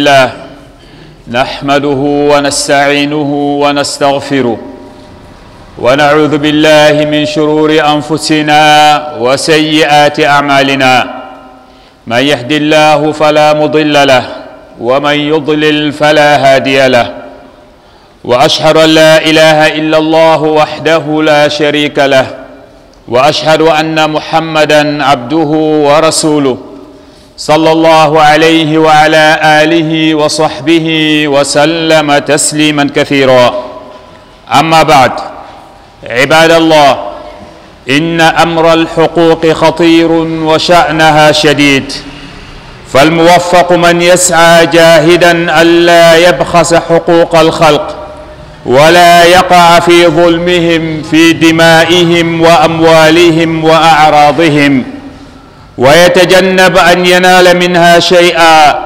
الله نحمده ونستعينه ونستغفره ونعوذ بالله من شرور أنفسنا وسيئات أعمالنا من يهد الله فلا مضل له ومن يضلل فلا هادي له وأشهد أن لا إله إلا الله وحده لا شريك له وأشهد أن محمدا عبده ورسوله صلى الله عليه وعلى آله وصحبه وسلم تسليما كثيرا أما بعد عباد الله إن أمر الحقوق خطير وشأنها شديد فالموفق من يسعى جاهدا ألا يبخس حقوق الخلق ولا يقع في ظلمهم في دمائهم وأموالهم وأعراضهم ويتجنب أن ينال منها شيئا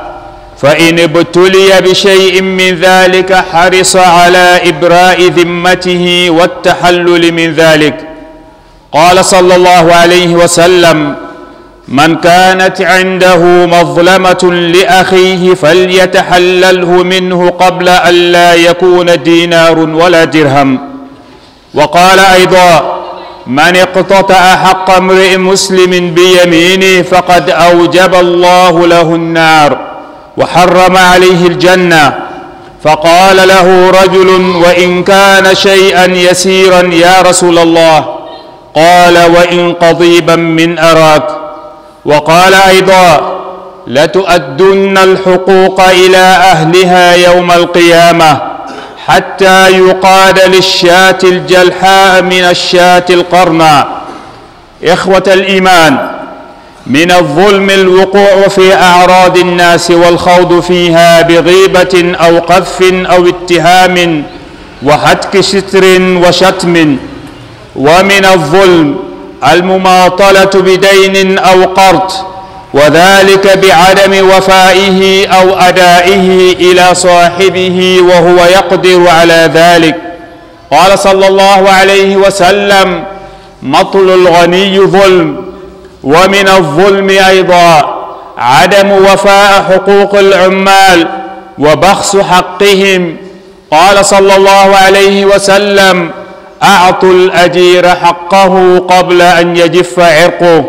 فإن ابتلي بشيء من ذلك حرص على إبراء ذمته والتحلل من ذلك قال صلى الله عليه وسلم من كانت عنده مظلمة لأخيه فليتحلله منه قبل أن لا يكون دينار ولا درهم وقال أيضا من اقتطع حق امرئ مسلم بيمينه فقد اوجب الله له النار وحرم عليه الجنه فقال له رجل وان كان شيئا يسيرا يا رسول الله قال وان قضيبا من اراك وقال ايضا لتؤدن الحقوق الى اهلها يوم القيامه حتى يقال للشاة الجلحاء من الشاة القرناء إخوة الإيمان من الظلم الوقوع في أعراض الناس والخوض فيها بغيبة أو قذف أو اتهام وهتك ستر وشتم ومن الظلم المماطلة بدين أو قرض وذلك بعدم وفائه أو أدائه إلى صاحبه وهو يقدر على ذلك قال صلى الله عليه وسلم مطل الغني ظلم ومن الظلم أيضا عدم وفاء حقوق العمال وبخس حقهم قال صلى الله عليه وسلم أعطوا الأجير حقه قبل أن يجف عرقه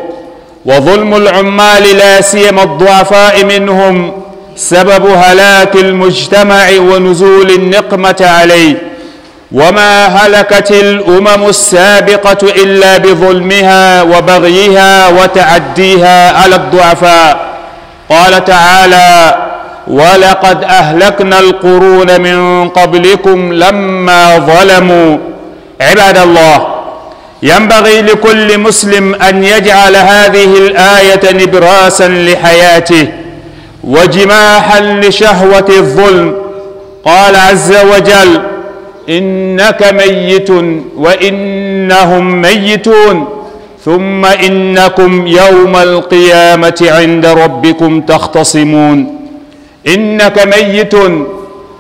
وظلم العمال لا سيما الضعفاء منهم سبب هلاك المجتمع ونزول النقمة عليه وما هلكت الأمم السابقة إلا بظلمها وبغيها وتعديها على الضعفاء قال تعالى ولقد أهلكنا القرون من قبلكم لما ظلموا عباد الله ينبغي لكل مسلم ان يجعل هذه الايه نبراسا لحياته وجماحا لشهوه الظلم قال عز وجل انك ميت وانهم ميتون ثم انكم يوم القيامه عند ربكم تختصمون انك ميت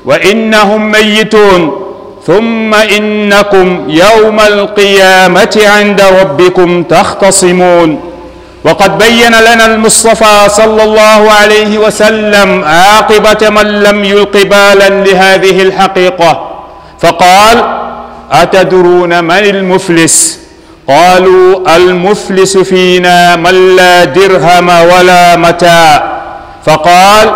وانهم ميتون ثم إنكم يوم القيامة عند ربكم تختصمون وقد بين لنا المصطفى صلى الله عليه وسلم عاقبة من لم يلق بالا لهذه الحقيقة فقال أتدرون من المفلس قالوا المفلس فينا من لا درهم ولا متاع فقال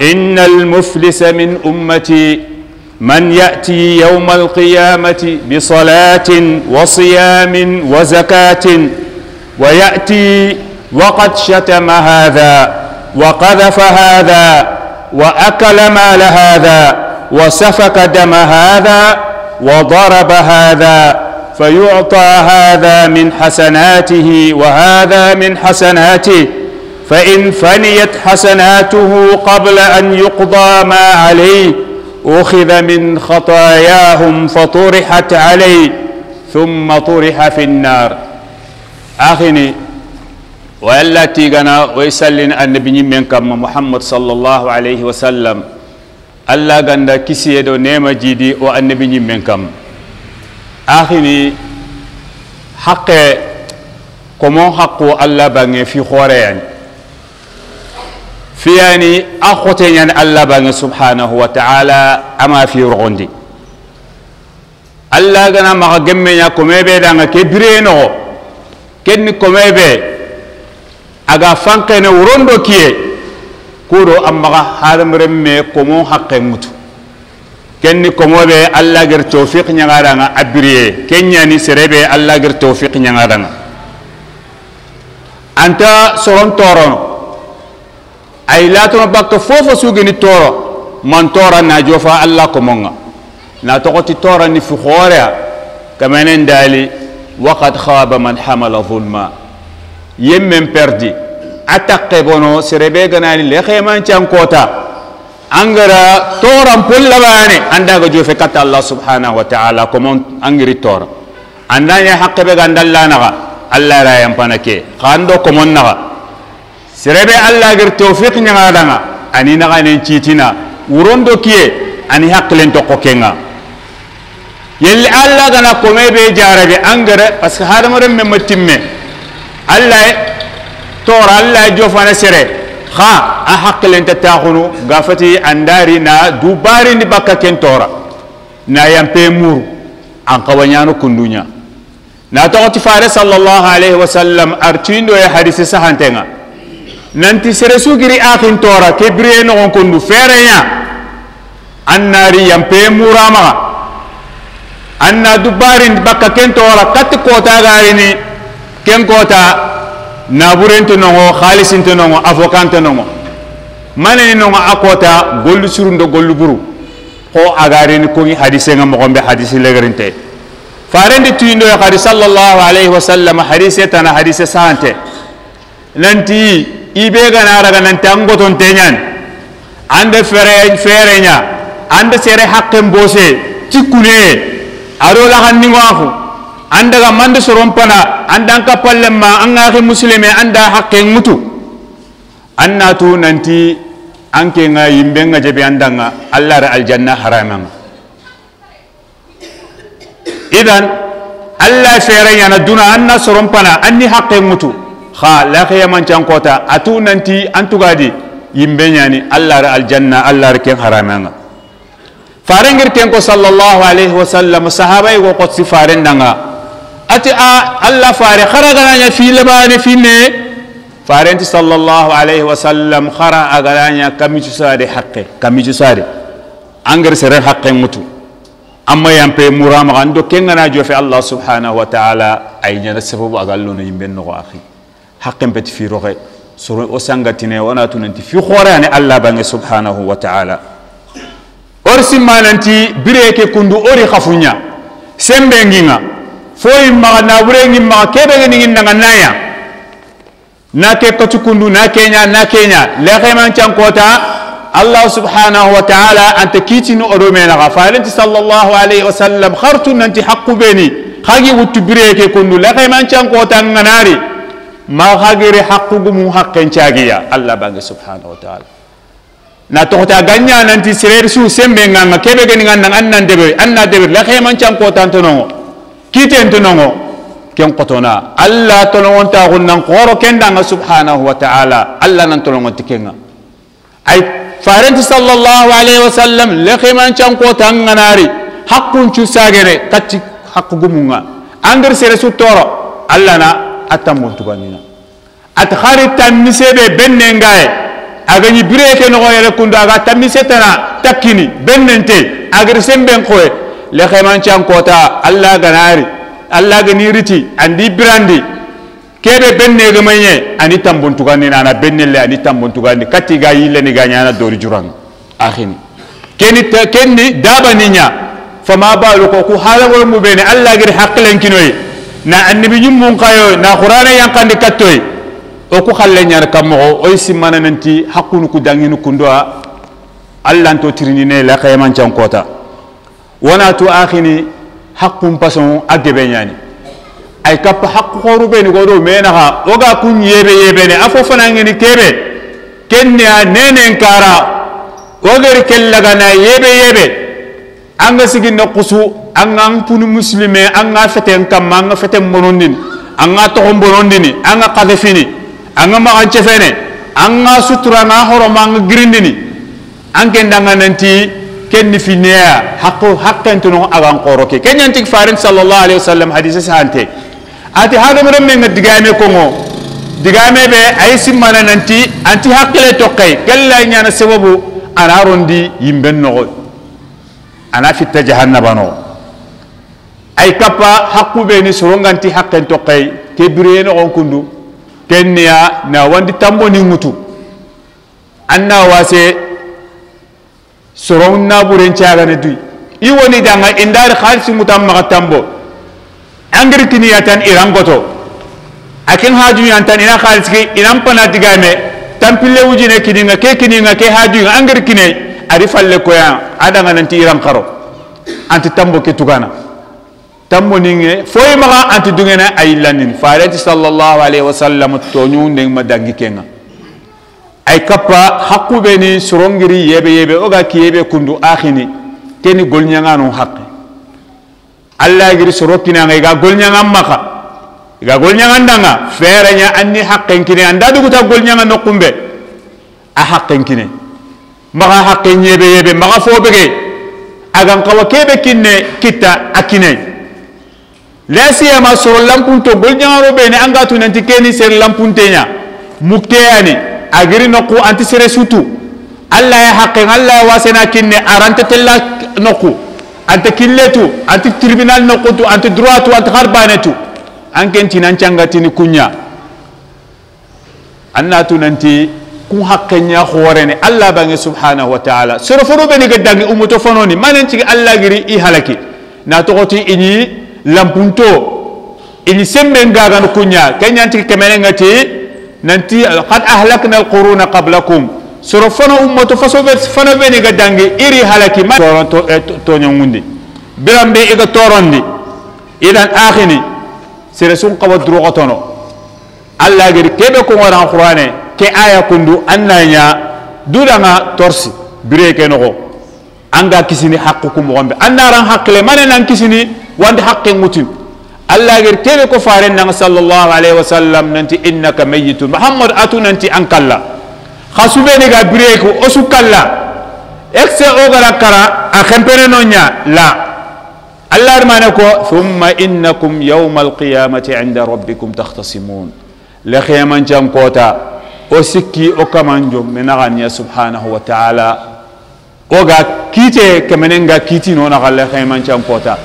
إن المفلس من أمتي من يأتي يوم القيامة بصلاة وصيام وزكاة ويأتي وقد شتم هذا وقذف هذا وأكل مال هذا وسفك دم هذا وضرب هذا فيعطى هذا من حسناته وهذا من حسناته فإن فنيت حسناته قبل أن يقضى ما عليه أخذ من خطاياهم فطرحت عليه ثم طرح في النار أخيني وإلا تيغنا ويسلن النبي من كم محمد صلى الله عليه وسلم ألا غندا كسيدو نيما جيدي والنبي من كم أخني حق كمون حقو ألا بني في خورين fiyani a xoteñani allah bange subhanahu wa taala ama fi roxondi allah gana maxa gemmeña komebe danga ke bire noxo ken ni komebe aga fankene wurondo kiye kudo a maxa hadamaren me komon xaqe ŋutu ken ni komobe allah ger tofik ñagadanga a biriye ken ñani serebe allah ger tofik ñagadanga anta soron torono ay latuma bakka fofo sugini toro man tora na jofa allah ko monga na tokoti tora ni fu khorea kamenen dali waqad khaba man hamala zulma yemmen perdi attaque bono serebe ganani le xeman can kota angara toran pollabane andaga jofe katta allah subhanahu wa taala komon angiri tora andanya haqqe be gandallanaxa allah ra yampana ke xan do komon naxa serebe allah gar tawfiq ñanga danga ani naxanen ciitina wurondo kiye ani haqqilen toqo kenga yelli allah gana kome be jarage engrais parce que hadamaren me ma timme allah tora allah jofana sere xa a haqqilenta taxunu gafati andari na dubarindi bakka ken tora na yampe muru an xawañano kunduña na toxoti fare sallallahu alayhi wa sallam artuindo ye hadise sahantenga nanti seresu giri akin tora ke bire nogon kondu ferenya annari yampe muramaga anna dubarin baka ken tora kat kota garini ken kota naburentu nongo khalisintu nongo avokantu nongo manani nongo akota gollu surundo gollu buru ko agarini kongi hadise nga mogombe hadise legerinte farendi tuyindo ya khari sallallahu alaihi wasallam hadise tana hadise sante nanti ibe gana raga nan tangoton tenyan ande fere fere nya ande sere hakken bose tikune aro la hanni wafu anda ga mande sorompana anda an kapalle ma an ga muslime anda hakken mutu anna tu nanti anke nga yimbe nga jebe andanga allah ra aljanna haraman idan allah fere nya na duna anna sorompana anni hakken mutu kha la khaya man chan kota atu nanti antugadi yimbe nyani allah ra aljanna allah ra ken haramanga farengir ken ko sallallahu alaihi wasallam sahaba go ko si farendanga ati a allah fare kharagananya fi labani fi ne farenti sallallahu alaihi wasallam khara kami ci sare haqqe ci sare angir sare haqqe mutu amma yampe murama ando kengana jofe allah subhanahu wa ta'ala ay nyana sababu agallo no yimbe no akhi حقن بت في رغي سر وسنجتنا وانا تنتي في خوران يعني الله بن سبحانه وتعالى أرسل ما ننتي بريك كندو أري خفونيا سنبنجينا فوي ما نابرين ما كبرين نين نعنايا ناكي كتو كندو ناكينيا ناكينيا لغمان تان كوتا الله سبحانه وتعالى أنت كيتي نو أرومينا غفال أنت صلى الله عليه وسلم خرتو ننتي حق بني خاجي وتبريك كندو لغمان تان كوتا نعناري ما غير حقكم حق انتاجيا الله بانك سبحانه وتعالى na toxota ganña nanti sereer su sembe nganga kebe geni nga nang annan deberi anna deberi la xeman can kotan tonongo kiten tonongo ken qotona alla tonongonta xun nan xooro ken danga subhanahu wa taala alla nan tonongonti kenga ay farenti sallallahu alayhi wa sallam le xeman can kotan nganari haqqun cu sagene kacci haqqugumunga angir sere su toro alla na attamon tugamina ati hari tammisebe bennengaye agani bireke nogoyere kundu aga tammise tana takkini bennente agir le koye lehemancan kota allah ganari allah ganiriti andi birandi kebe benne gemaye ani tambuntugandi nana bennelle ani tambuntugandi kati ga yilleni ga ñana dori jurang ahini keni kenni dabaniña fama balu ko ku halagol mubene allah giri hakkilenkinoye na annabi ñummun kayo na qur'ana yankandi kattoy o ku xalle ñar kam moxo oy simmana nanti hakkunu ku danginu kundoa allanto tirini ne la xeman kota wana tu axini hakkun pason a gebe ñani ay kappa hakku xoru beni godo o ga kun yebe yebene a fo fanangeni kebe ken ne a nenen kara ogeri ken lagana yebe yebe an ga sigi na kusu an ga an puni muslime an ga fete kamma an ga fete bonondini an ga togon bonondini an ga kadefini an ga magan an ga ga horoma an ga girindini an ken danga nanti ken ni fineya hakko hakkentuno agan koro ke ken yantik farin sallallahu alaihi wasallam hadise sahante ati hadamaren men ga digame koŋo digame be ay simmana nanti anti hakkile tokkay kella ñana sababu ana rondi yimben nogoy ana fitta jahannabano ay kappa hakku be ni soronganti hakken to kay ke bireno on kundu kenya na wandi ni mutu, anna wase soron na buren caga ne dui i woni danga indar khalsi mutam ma tambo angri kini yatan irangoto akin haju yantan ina khalsi ki inan pana digame tampille wujine kininga ke kininga ke haju angri kinai ari falle koya adanga nanti iran karo anti tambo ke tugana tambo ninge foy maga anti dungena ayilanin farati sallallahu alaihi wasallam tonyu ndeng madangi kenga ay kappa hakube ni surongiri yebe yebe oga ki yebe kundu akhini keni golnyangano haqqi allah giri sorokina ngai ga golnyangam maka iga golnyangandanga ferenya anni haqqen kine anda duguta golnyanga nokumbe a haqqen kine maga hakke nyebe yebe maga fobege agan kawa kebe kinne kitta akine lesiyama soro lampunto gol ñagaro ɓene anga tu nanti keni sere lampunteña mukteyani agiri nokku anti sere sutu allah ya haqqen allah ya wasena kinne aranta tella nokku anta killetu anti tribunal nokkutu anti droitu anti harbanetu anken tinan cangatini kuña annatu nanti kun hakkenya khorene allah bange subhanahu wa ta'ala sero fodo be ni gadangi umuto fanoni manen ci allah giri i halaki na togoti ini lampunto ini sembe ngagan kunya kenyanti kemene ngati nanti qad ahlakna alquruna qablakum soro fono ummato faso be fono be ni gadangi iri halaki ma toronto to nyangundi birambe iga torondi idan akhini sere sun qawa drogotono allah giri kebe ko ngora qur'ane ke aya kundu an na torsi bire ke nogo an ga kisini haqqu ku mogonɓe haqqile mane nan kisini wande haqqe ŋutin allah gir kebe ko faren nanga sallallahu alaihi wasallam nanti innaka mayitun muhammad atu nanti an kalla xa suɓeni ga bire ku o exe o gara kara a xempene no ɲa la allah armane ko thumma innakum yauma alqiyamati inda rabbikum tahtasimun le xemancan kota o sikki o kaman jom me naxaniya subhanahu wa taala oga kiite kemenen ga kiitino naxalle xemancan kota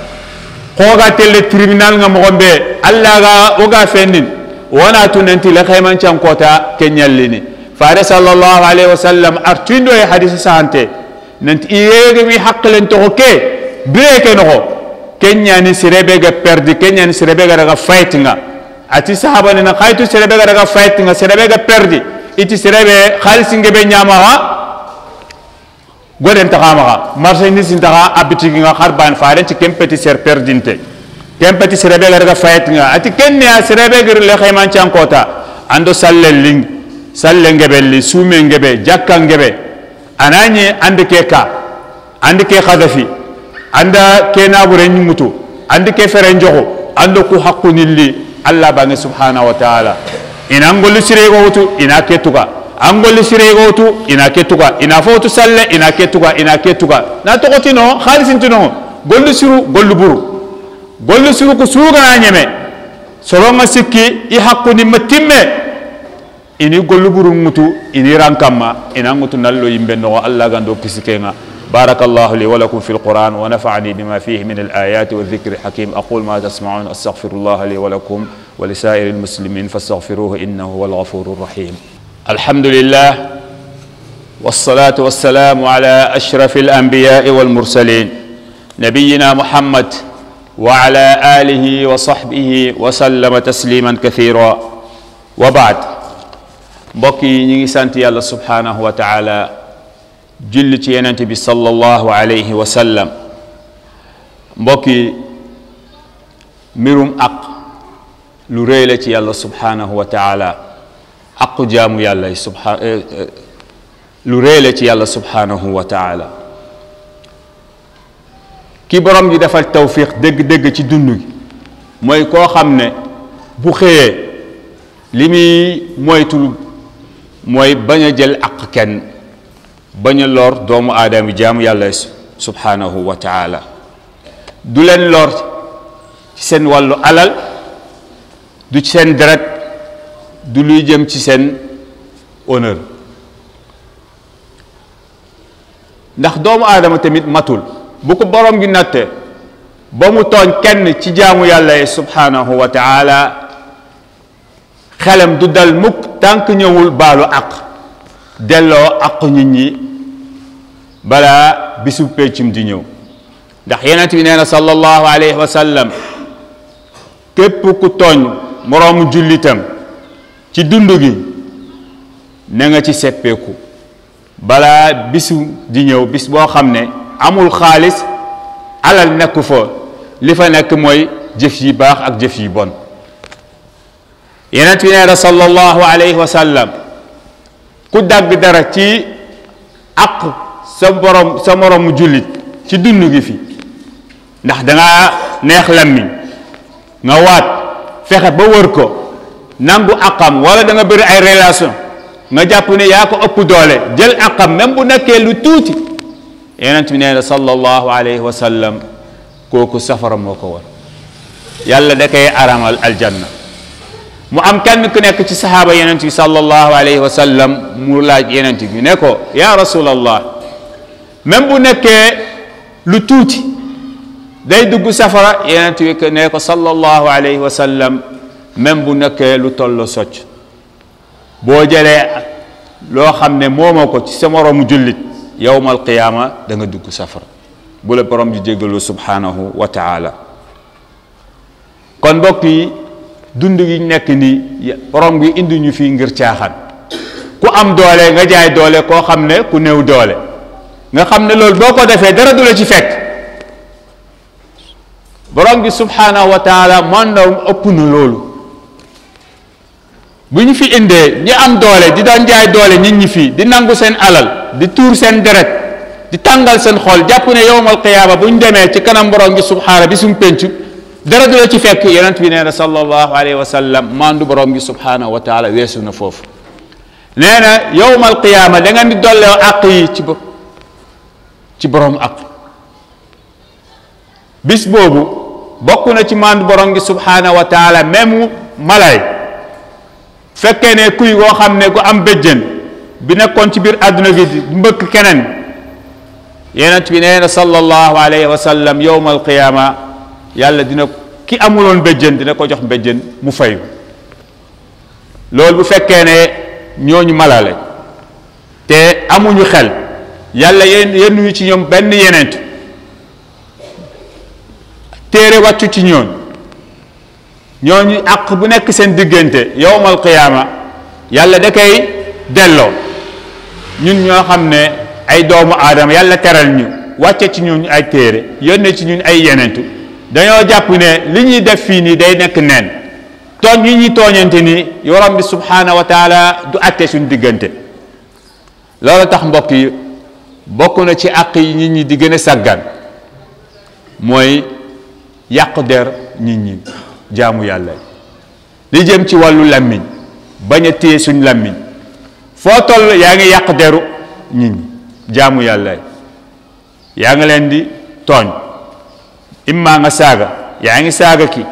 xooga telle tribunal nga moxon be alla ga oga fennin wona tunanti le xemancan kota ke lini fare sallallahu alaihi wasallam artuindo ye hadise sante nanti iyeegemi haqqilen toxo ke bire ke noxo ke ñani sirebe ga perdi ke ñani sirebe ga daga fayt nga ati sahaba ni na khaitu serebe ga daga fight nga serebe ga perdi iti serebe khalsi ngebe nyama ha goden taxa maxa marché ni sin taxa a bitigi nga xar ban faren ci kempeti ser perdinte kempeti serebe ga daga fight nga ati kenne a serebe gir le khayman ci ankota ando salle ling salle ngebe li sume ngebe jakka ngebe anani ande ke ka ande ke khadafi anda ke na bure nyumutu ande ke fere njoxo ando ku haqqunilli allah b a n g i subhanahu wa ta'ala ina ngolli sirego u t u ina ketuka an golli sirego u t u ina ketuka ina fotu salle ina ketuka ina ketuka na t o k o t i n o halisintino golli siru golli buru golli siru ku sugana ñeme soronga sikki i h a k k u n i m a timme ini golli buru ŋutu ini ran k a m a ina n g u t u nallo yimbe n o o allah gando kisikenga بارك الله لي ولكم في القرآن ونفعني بما فيه من الآيات والذكر الحكيم أقول ما تسمعون أستغفر الله لي ولكم ولسائر المسلمين فاستغفروه إنه هو الغفور الرحيم الحمد لله والصلاة والسلام على أشرف الأنبياء والمرسلين نبينا محمد وعلى آله وصحبه وسلم تسليما كثيرا وبعد بقي نيسانتي الله سبحانه وتعالى julli ci yonent bi sallallahu alayhi wa sallam mbokk yi mbirum aq lu rëy la ci yàlla subhaanahu wa taala aqu jaamu yàlla yi subha lu rëy la ci yàlla subhaanahu wa taala ki borom ji defal tawfiq dëgg-dëgg ci dund gi mooy koo xam ne bu xëyee li muy moytul mooy bañ a jël aq kenn bañ a lor doomu aadama jaamu yàlla subhanahu wa taala du leen lor ci seen wàllu alal du ci seen deret du luy jëm ci seen honneur ndax doomu aadama tamit matul bu ko borom gi natte ba mu tooñ kenn ci jaamu yàlla yi subhanahu wa taala xelam du dal mukk tànk ñëwul baalu àq delloo àq nit ñi balaa bisu peccum di ñëw ndax yonent bi nee na sallallahu alayhi wa sallam képp ku tooñ moroomu jullitam ci dund gi na nga ci seppeeku balaa bisu di ñëw bis boo xam ne amul xaalis alal nekku fa li fa nekk mooy jëf yi baax ak jëf yi bon yonent bi nee na sallallahu alayhi wa sallam ku dagg dara ci aq sa borom sa moromu jullit ci dund gi fi ndax da nga neex lammiñ nga waat fexe ba wër ko nangu akam wala da nga bëri ay relation nga jàpp ne yaa ko ëpp doole jël akam même bu nekkee lu tuuti yonent bi nee na sallallahu alayhi wa sallam kooku safara moo ko war yàlla da koy aramal aljanna mu am kenn ku nekk ci sahaaba yonent bi sallallahu alayhi wa sallam mu laaj yonent bi ne ko yaa rasulallah même bu nekkee lu tuuti day dugg safara yenent wi ne ko sallallahu alayhi wa sallam même bu nekkee lu toll socc boo jëlee loo xam ne moomoo ko ci sa moroomu jullit yowmal qiyaama da nga dugg safara bu la borom di jéggalu subhanahu wa taala kon mbokk yi dund gi nekk nii borom gi indi ñu fii ngir caaxaan ku am doole nga jaay doole koo xam ne ku néew doole nga xam ne loolu boo ko defee dara du la ci fekk borom bi subhanahu wa taala mandawum ëpp na loolu bu ñu fi indee ñi am doole di daan jaay doole nit ñi fi di nangu seen alal di tuur seen deret di tàngal seen xol jàpp ne yowmal qiyaama bu ñu demee ci kanam borom bi subhana bi suñ penc dara du la ci fekk yonent bi nee na sallallahu alayhi wa sallam mandu borom bi subhanahu wa taala weesu na foofu nee na yowmal qiyaama da ngeen di dolloo àq yi ci bopp ci borom ak bis bobu bokku na ci mand borom gi subhanahu wa taala même malay fekkee ne kuy go xamne ko am béjjën bi nekkon ci bir aduna gi mbeuk kenen yenent bi neena sallallahu alayhi wa sallam al alqiyama yàlla dina ki amuloon béjjën dina ko jox béjjën mu fay loolu bu fekkee ne malale te amuñu xel yàlla yenn yennuñu ci ñoom benn yenent téere wàccu ci ñoon ñooñu àq bu nekk seen diggante yowmal qiyaama yàlla da koy delloo ñun ñoo xam ne ay doomu aadama yàlla teral ñu wàcce ci ñun ay téere yónne ci ñun ay yenentu dañoo jàpp ne li ñuy def fii nii day nekk neen tooñ yi ñu tooñante ni yorom bi subhaanahu du àtte suñu diggante loolu tax mbokk bokk na ci àq yi nit ñi di gën a sàggan mooy yàq der nit ñi jaamu yàlla li jëm ci wàllu làmmiñ bañ a suñ làmmiñ foo toll yaa ngi yàq deru nit ñi jaamu yàlla yaa ngi leen di tooñ immaa nga saaga yaa ngi saaga ki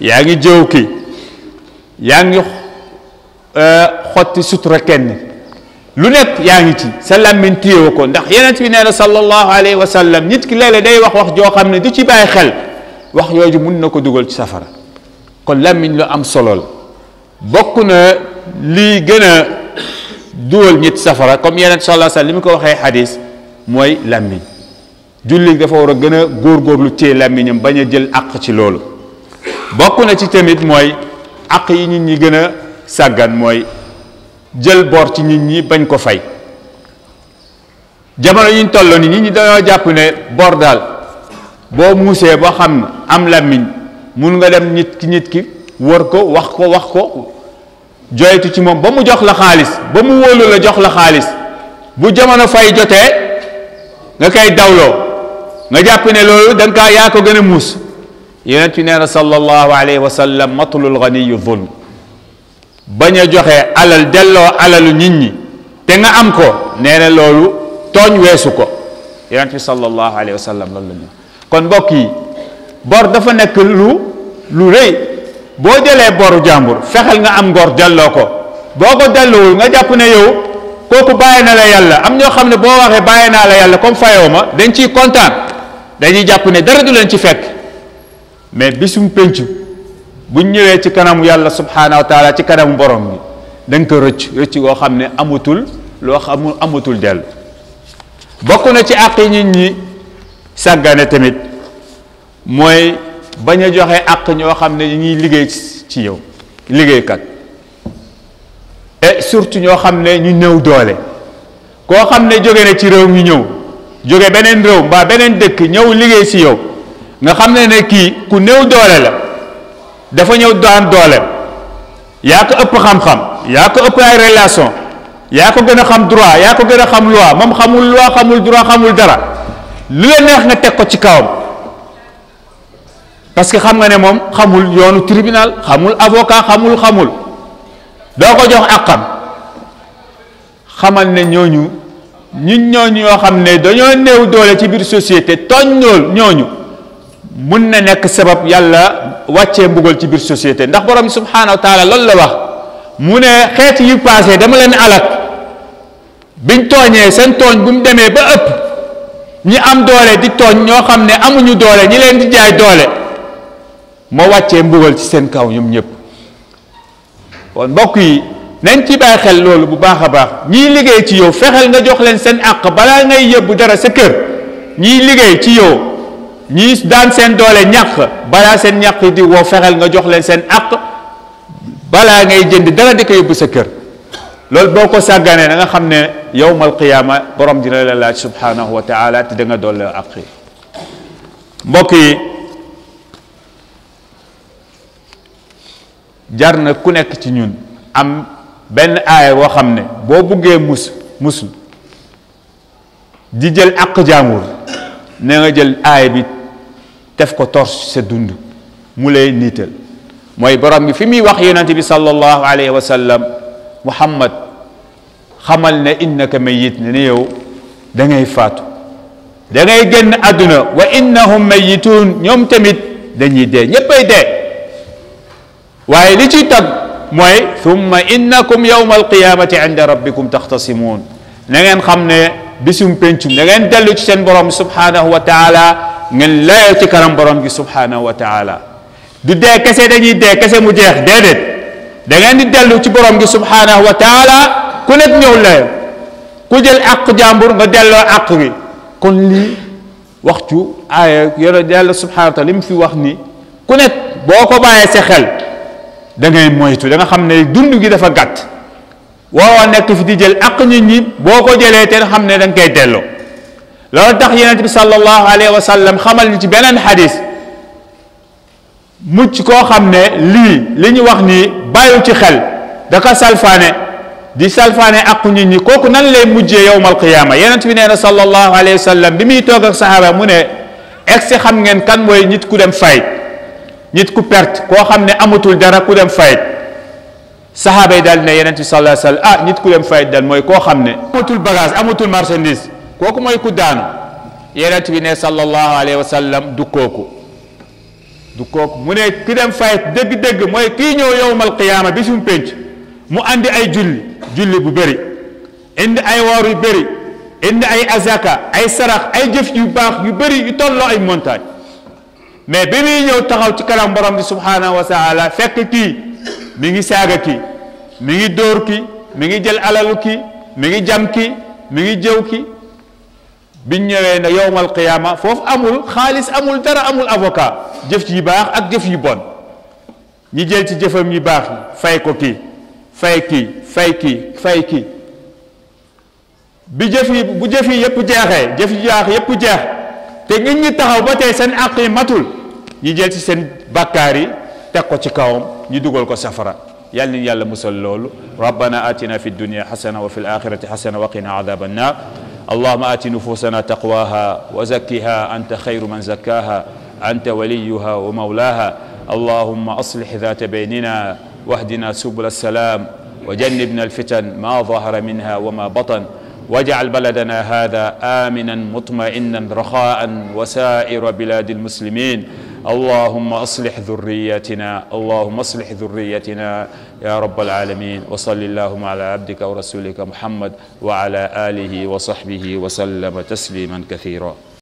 yaa ngi jëw ki yaa ngi euh, xotti sutura kenn lu nekk yaa ngi ci sa lammin téyewu ko ndax yenent bi nee na sallallahu alayhi wa sallam nit ki léeg-léeg day wax wax joo xam ne du ci bàyyi xel wax yooju mun na ko dugal ci safara kon lammiñ lu am solo la bokk na lii gën a dugal nit safara comme yenent sallallahu alayhi wa sallam li mu ko waxee xadis mooy lammiñ julli dafa war a gën a góorgóorlu téye lammiñam bañ a jël àq ci loolu bokk na ci tamit mooy àq yi nit ñi gën a sàggan mooy jël bor ci nit ñi bañ ko fay jamono ñu toll ni nit ñi dañoo jàpp ne bor dal bo muusee ba xam am làmmiñ mun nga dem nit ki nit ki wor ko wax ko wax ko joytu ci mom ba mu jox la xaalis ba mu wolu la jox la xaalis bu jamono fay joté nga kay dawlo nga jàpp ne lolu dang ka ya ko gëna mus muus yonent bi sallallahu alayhi wa sallam matlul ghani dhulm bañ a joxe alal delloo alalu nit ñi te nga am ko nee na loolu tooñ weesu ko yonent bi sallallahu alayhi wa sallam loolu la kon mbokk yi bor dafa nekk lu lu rëy boo jëlee boru jàmbur fexeel nga am ngor delloo ko boo ko delloowul nga jàpp ne yow kooku bàyyi na la yàlla am ñoo xam ne boo waxee bàyyi naa la yàlla comme fayoo ma dañ ciy kontaan dañuy jàpp ne dara du leen ci fekk mais bisum pénc buñ ñëwee ci kanamu yàlla subhaanahu wa taala ci kanamu borom bi dañ ko rëcc rëcc woo xam ne amatul loo xamul amatul dellu bokk na ci àq yi ñi sàggane tamit mooy bañ a joxe àq ñoo xam ne ñuy liggéey ci yow liggéeykat surtout ñoo xam ne ñu néew doole koo xam ne jóge na ci réew mi ñëw jóge beneen réew mbaa beneen dëkk ñëw liggéey si yow nga xam ne ne kii ku néew doole la dafa ñëw daan dooleem yaa ko ëpp xam-xam yaa ko ëpp ay relation yaa ko gën a xam droit yaa ko gën a xam loi moom xamul loi xamul droit xamul dara lu la neex nga teg ko ci kawam parce que xam nga ne moom xamul yoonu tribunal xamul avocat xamul xamul doo ko jox àqam xamal ne ñooñu ñu ñooñu ñoo xam ne dañoo néew doole ci biir société tooñ ñooñu mun na nekk sabab yàlla wàccee mbugal ci biir société ndax borom subhaanahu wa taala loolu la wax mu ne xeet yu paase dama leen alak biñ tooñee seen tooñ bu mu demee ba ëpp ñi am doole di tooñ ñoo xam ne amuñu doole ñi leen di jaay doole moo wàcce mbugal ci seen kaw ñoom ñëpp kon mbokk yi nañ ci bàyyi xel loolu bu baax a baax ñiy liggéey ci yow fexeel nga jox leen seen àq balaa ngay yóbbu dara sa kër ñiy liggéey ci yow. ñii daan seen doole ñàq balaa seen ñàq di woo fexeel nga jox leen seen àq balaa ngay jënd dara di ko yóbbu sa kër loolu boo ko sàgganee danga xam ne yowmal qiyaama borom dina la laaj subhanahu wa taala te da nga doole àq mbokk yi jar na ku nekk ci ñun am benn aaya boo xam ne boo buggee mus musul di jël àq jaamur na nga jël aaya bi def ko torche sa dund mu lay niital mooy borom bi fi muy wax yonente bi sallallahu alayhi wa sallam muhammad xamal ne innaka mayit ne ne yow da ngay faatu da ngay génn àdduna wa innahum mayituun ñoom tamit dañuy dee ñéppay dee waaye li ciy tag mooy thumma innakum yawma alqiyamati inda rabbikum taxtasimuun na ngeen xam ne bisum pencum da ngeen dellu ci seen borom subhanahu wa taala ngeen layoo ci kanam borom bi subhanahu wa taala du dee kese dañuy dee kese mu jeex déedéet da ngeen di dellu ci borom bi subhanahu wa taala ku nekk ñëw layo ku jël àq jàmbur nga delloo àq wi kon lii waxtu aaya yoro yàlla subhanahu wa taala li fi wax ni ku nekk boo ko bàyyee sa xel da ngay moytu da nga xam ne dund gi dafa gàtt waroo nekk fi di jël àq nit ñi boo ko jëlee te xam ne da nga koy delloo لو تخ يونس صلى الله عليه وسلم خمل نتي بنن حديث مج كو خامني لي لي ني واخ ني بايو تي خل دا كا سالفاني دي سالفاني اكو ني ني كوكو نان لي مجي يوم القيامه يونس بي نينا صلى الله عليه وسلم بيمي توك اك صحابه مو ني اكسي خام نين كان موي نيت كو دم فايت نيت كو بيرت كو خامني اموتول دارا كو دم فايت صحابه دال ني يونس صلى الله عليه وسلم اه نيت كو دم فايت دال موي كو خامني اموتول باغاز اموتول مارشانديز kooku mooy ku daanu yonent bi ne sallallahu alayhi wa sallam du kooku du kooku mu ne ki dem fayit dëgg-dëgg mooy kii ñëw yowmal qiyaama bi sumu pénc mu andi ay julli julli bu bëri indi ay woor yu bëri indi ay azaka ay sarax ay jëf yu baax yu bëri yu tolloo ay montagne mais bi muy ñëw taxaw ci kanam borom bi subhanahu wa taala fekk kii mi ngi saaga kii mi ngi dóor ki mi ngi jël alalu ki mi ngi jam ki mi ngi jëw ki بنيوين يوم القيامة فوف أمول خالص أمول ترى أمول أفوكا جف يباخ أك جف يبون نجيل تي جف مي يباخ فايكو كي فايكي فايكي فايكي بجف بجف يب جاخ جف جاخ يب جاخ تنين يتحو بطي سن أقيمتول نجيل تي سن بكاري تاكو تكاوم ندوغل كو سفرة يالني يالا مسلول ربنا آتنا في الدنيا حسنة وفي الآخرة حسنة وقنا عذاب النار اللهم آت نفوسنا تقواها وزكها أنت خير من زكاها أنت وليها ومولاها اللهم أصلح ذات بيننا واهدنا سبل السلام وجنبنا الفتن ما ظهر منها وما بطن واجعل بلدنا هذا آمنا مطمئنا رخاء وسائر بلاد المسلمين اللهم أصلح ذريتنا اللهم أصلح ذريتنا يا رب العالمين وصل اللهم على عبدك ورسولك محمد وعلى آله وصحبه وسلم تسليما كثيرا